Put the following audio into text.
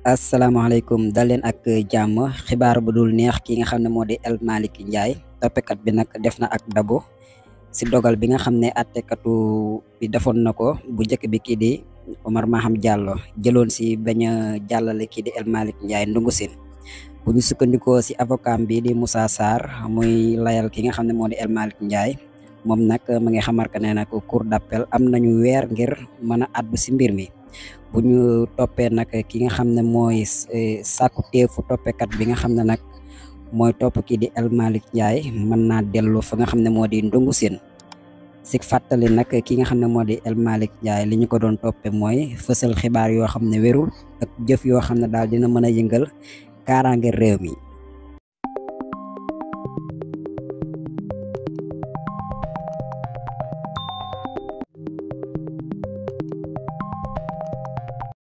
Assalamualaikum, dalen leen ak jam xibar bu dul neex ki nga xamne modi di El Malik Ndiaye Tapi bi nak defna ak dabo si dogal bi nga xamne ne katu bi defon nako bu njëkk bi ki di Omar Maham Diallo jëlon si baña jallale ki di El Malik Ndiaye ndungu sin bu ñu sukkandiko si avocat bi di Musasar. sar muy layal ki nga xamne modi El Malik Ndiaye mom nak ma ngi xamar ka nee na cour d'appel am nañu wer ngir mana a àddu si mbir mi bu ñu toppee nag ki nga xam ne mooy sàkku teefu toppekat bi nga di El malik Ndiaye mën na dellu fa nga di Ndungu Sik si ki nga xam di El malik Ndiaye li ñu ko doon toppee mooy fësal xibaar yoo xam ne wérul ak jëf yoo xam dal dina yëngal réew mi.